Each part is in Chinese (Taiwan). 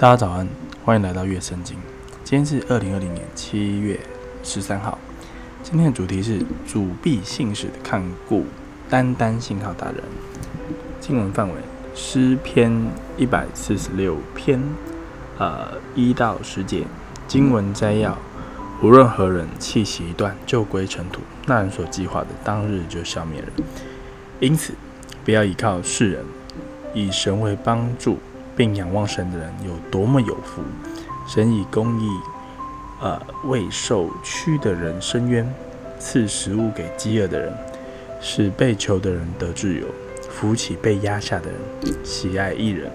大家早安，歡迎來到樂聖經。今天是二零二零年七月十三號。今天的主題是主必信使的看顧，單單信靠大人。經文範圍詩篇一百四十六篇，呃一到十節。經文摘要：無論何人氣息一斷，就歸塵土；那人所計劃的，當日就消滅了。因此，不要倚靠世人，以神為幫助。並仰望神的人有多麼有福！神以公義，呃，為受屈的人伸冤，賜食物給飢餓的人，使被囚的人得自由，扶起被壓下的人，喜愛義人。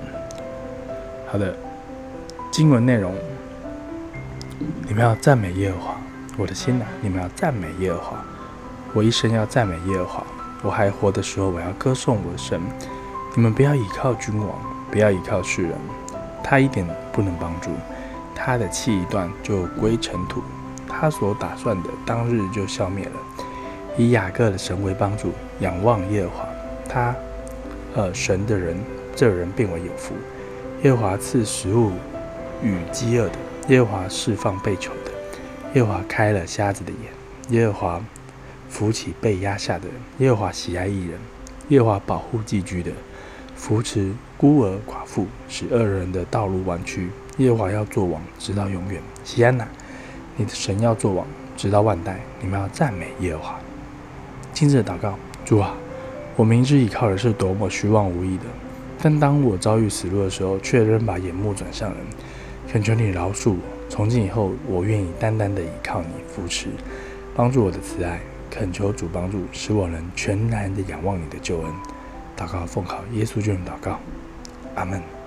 好的，經文內容，你們要讚美耶和華！我的心哪，你們要讚美耶和華！我一生要讚美耶和華！我還活的時候，我要歌頌我的神！你們不要倚靠君王。不要倚靠世人，他一點不能幫助。他的氣一斷就歸塵土，他所打算的當日就消滅了。以雅各的神為幫助，仰望耶和華，他呃神的人，這人便為有福。耶和華賜食物與飢餓的，耶和華釋放被囚的，耶和華開了瞎子的眼，耶和華扶起被壓下的人，耶和華喜愛義人，耶和華保護寄居的。扶持孤兒寡婦，使惡人的道路彎曲。耶和華要做王，直到永遠。錫安哪，你的神要做王，直到萬代。你們要讚美耶和華。親自禱告，主啊，我明知倚靠的是多麼虛妄無益的，但當我遭遇死路的時候，卻仍把眼目轉向人。懇求你饒恕我，從今以後，我願意單單的倚靠你扶持、幫助我的慈愛。懇求主幫助，使我能全然的仰望你的救恩。禱告奉靠耶穌就能禱告，阿門。